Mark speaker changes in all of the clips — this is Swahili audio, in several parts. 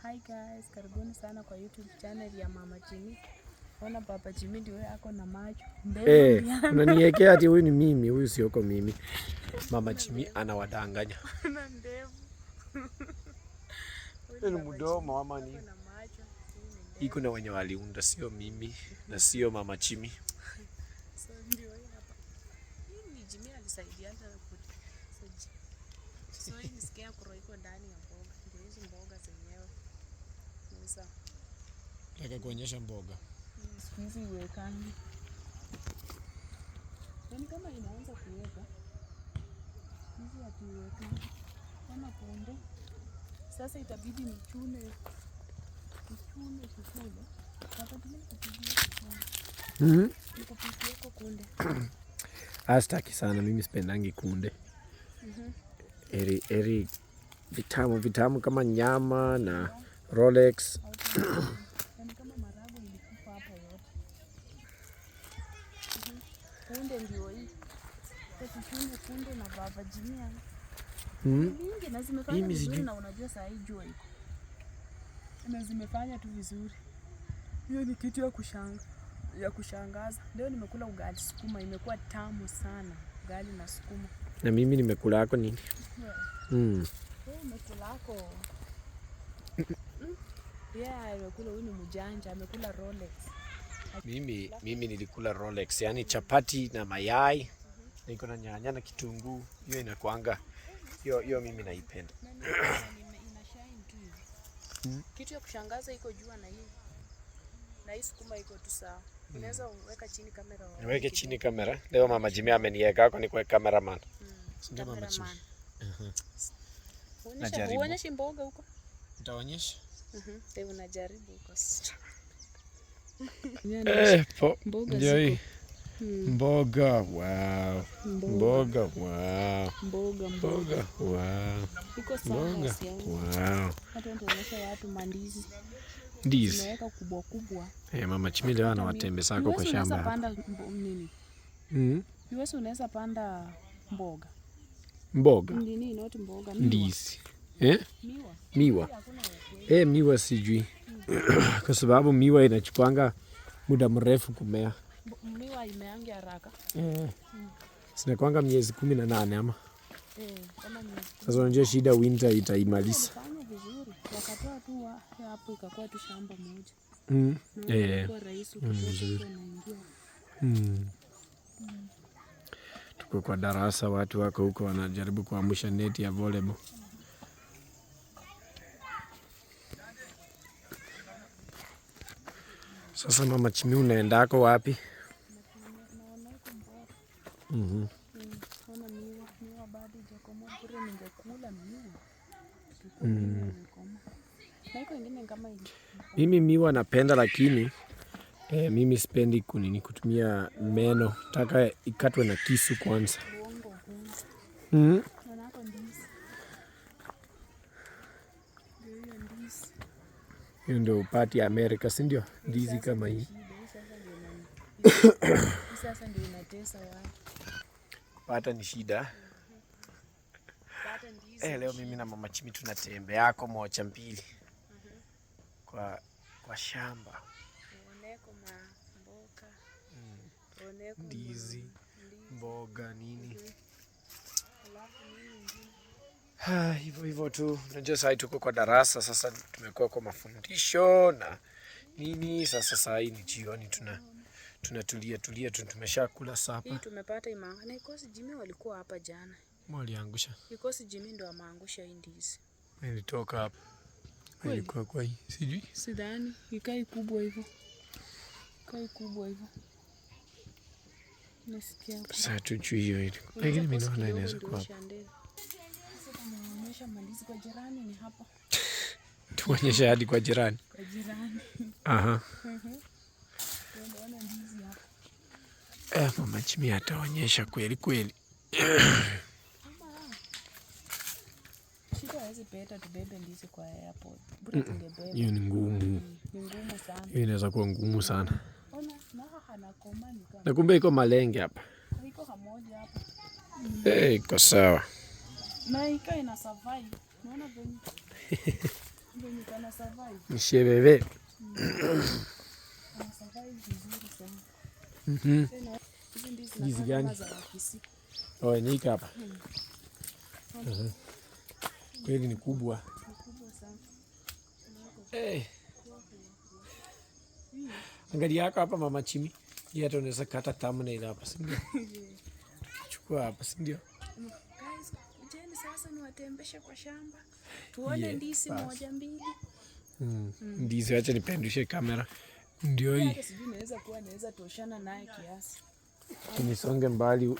Speaker 1: Hi guys, karibuni sana kwa YouTube channel ya Mama Jimmy. Ona Papa Jimmy ndiye ako na macho.
Speaker 2: Eh, hey, unaniwekea ati huyu ni mimi, huyu sioko mimi. Mama Jimmy anawadanganya.
Speaker 1: Ana ndevu.
Speaker 2: Ni mdomo mama ni. Iko na wenye waliunda sio mimi na sio Mama Jimmy.
Speaker 1: So ndio hapa. Jimmy alisaidia so, kabisa.
Speaker 2: Nataka kuonyesha mboga
Speaker 1: mm, siku hizi iwekani, yaani kama inaanza kuweka hizi hatuiwekani kama punde. Sasa itabidi nichune nichune kikule Mm -hmm.
Speaker 2: Astaki sana mimi, sipendangi kunde mm -hmm. Eri, eri vitamu vitamu kama nyama na Rolex. Hmm?
Speaker 1: Zimefanya tu vizuri. Hiyo ni kitu ya kushanga, ya kushangaza. Leo nimekula ugali sukuma, imekuwa tamu sana, ugali na sukuma.
Speaker 2: Na mimi nimekulako nini? Yeah. Mm.
Speaker 1: Hey, Yeah, amekula huyu ni mjanja, amekula Rolex.
Speaker 2: Mimi, mimi nilikula Rolex, yani chapati na mayai mm -hmm. Niko na nyanya na kitunguu, hiyo inakuanga hiyo hiyo, mimi naipenda.
Speaker 1: Hmm? Kitu ya kushangaza iko jua na hii. Na hii sukuma iko tu sawa. Hmm. Unaweza weka chini kamera.
Speaker 2: Niweke chini kamera. Leo Mama Jimmy ameniweka hapo ni kwa cameraman. Hmm,
Speaker 1: ndio Mama Jimmy. Uonyeshe mboga huko.
Speaker 2: Nitaonyesha.
Speaker 1: Mhm.
Speaker 2: Yaani eh, hmm. mboga wow, mboga wow, mboga wow, ndizi. Eh, mama Chimile wana watembe sako kwa shamba hmm? mboga ndizi eh? Miwa, miwa. Eh, miwa sijui kwa sababu miwa inachukwanga muda mrefu kumea.
Speaker 1: Miwa imeangia haraka
Speaker 2: eh. Zinakwanga miezi kumi na nane ama eh, sasa unajua shida winter itaimaliza mm. eh. mm, mm. Tuko kwa darasa, watu wako huko wanajaribu kuamsha neti ya volleyball. Sasa mama Chimi, unaendako wapi? Mhm. Mm. Mimi miwa napenda, lakini eh, mimi sipendi kunini kutumia meno, taka ikatwe na kisu kwanza. mm -hmm. hiyo ndio pati ya Amerika, si ndio? Ndizi kama hii pata ni shida. Eh, leo mimi na mama Chimi yako mocha mbili kwa, kwa shamba mm. ndizi, mboga nini. Ah, hivyo hivyo tu. Unajua saa tuko kwa darasa sasa, tumekuwa kwa mafundisho na nini. Sasa saa ni jioni, tuna tunatulia tulia, tu, tumesha kula sapa.
Speaker 1: Hii tumepata imanga na ikosi jimi walikuwa hapa jana,
Speaker 2: waliangusha
Speaker 1: ikosi jimi ndo amaangusha hii ndizi,
Speaker 2: nilitoka hapa ilikuwa kwa hii sijui,
Speaker 1: sidhani ikai kubwa hivyo, ikai kubwa hivyo nasikia hapa.
Speaker 2: sasa tujui hiyo, lakini mimi naona inaweza kuwa Tuonyeshe hadi kwa jirani. Mhm. Eh, mama ataonyesha kweli kweli. Hiyo ni ngumu, mm, hiyo inaweza kuwa ngumu sana. Na kumbe iko malenge hapa. Iko eh, sawa
Speaker 1: na ikawa ina survive. Unaona
Speaker 2: mhm. gani? Oh, ni hapa. Hmm. Kweli ni kubwa. Eh. Hmm. Angalia yako hapa mama Chimi. hata unaweza kata thumbnail hapa, si ndio? Chukua hapa, si ndio? Hmm
Speaker 1: sasa niwatembeshe kwa shamba tuone yeah, ndizi moja mbili.
Speaker 2: Mm. Mm. Ndizi, acha nipendushe kamera, ndio hii.
Speaker 1: Yaani kuwa naweza naye kiasi
Speaker 2: Nisonge mbali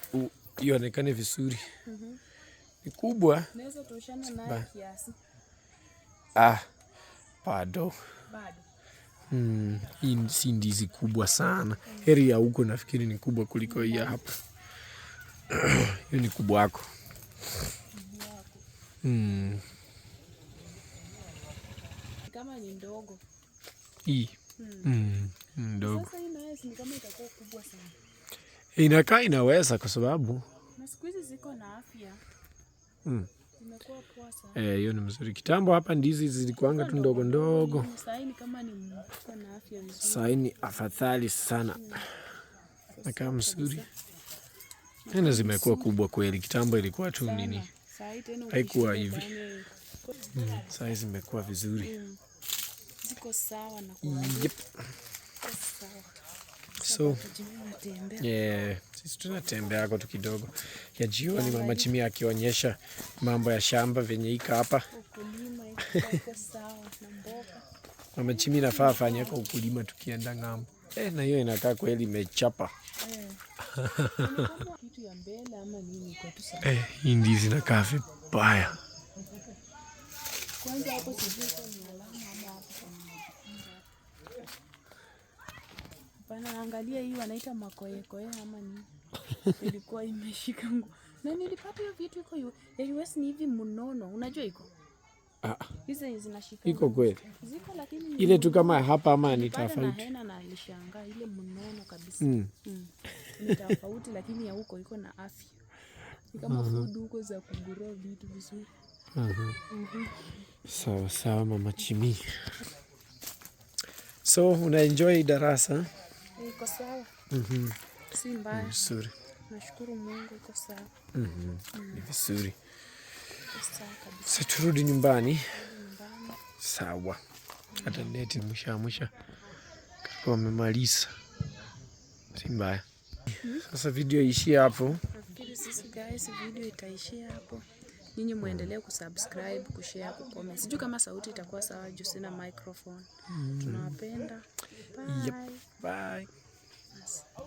Speaker 2: ionekane vizuri. mm -hmm.
Speaker 1: Ni kiasi
Speaker 2: ah, bado Hmm, Hii si ndizi kubwa sana. Heri ya huko nafikiri ni kubwa kuliko hii hapa. Hiyo ni kubwa yako. Kama
Speaker 1: ni ndogo.
Speaker 2: Hmm. Hmm. ndogo. Inakaa inaweza kwa sababu hmm. eh, hiyo ni mzuri. Kitambo hapa ndizi zilikuanga tu ndogo ndogo. Sasa ni afadhali sana. nakaa mzuri. Tena zimekuwa kubwa kweli. Kitambo ilikuwa tu nini? haikuwa hivi Saa mm, Sasa zimekuwa vizuri mm. kwa So yeah, sisi tunatembeako tu kidogo ya jioni, mama Jimmy akionyesha mambo ya shamba venye ika hapa mama Jimmy nafaa afanye kwa ukulima tukienda ng'ambo eh, na hiyo inakaa kweli imechapa eh. Eh, hii ndizi inakaa vibaya.
Speaker 1: Angalia hii wanaita makoekoe ama nini? Ilikuwa imeshika nguo. Na nilipata hiyo vitu iko hiyo. Anyways ni hivi mnono, unajua iko? Ah. Hizi zinashika. Iko kweli. Ziko lakini
Speaker 2: ile tu kama hapa ama ni tofauti.
Speaker 1: Na nishangaa ile mnono kabisa.
Speaker 2: Mm. Mm
Speaker 1: ni tofauti, lakini ya huko iko na afya, ni kama uh -huh. food huko za kugurua vitu vizuri.
Speaker 2: Mhm. Sawa sawa, mama Chimi. So una enjoy darasa? Iko sawa. uh mhm. -huh. Si mbaya. Vizuri.
Speaker 1: Nashukuru Mungu iko sawa.
Speaker 2: uh Mhm. Mm. Ni vizuri. Sasa turudi nyumbani. Sawa. Hata neti mwisha mwisha. Kwa mmemaliza. Si mbaya. Sasa video iishie hapo.
Speaker 1: Nafikiri sisi guys, video itaishia hapo. Nyinyi muendelee kusubscribe, kushare, kucomment. Sijui kama sauti itakuwa sawa juu sina microphone. Mm. Tunawapenda. Bye. Yep.
Speaker 2: Bye.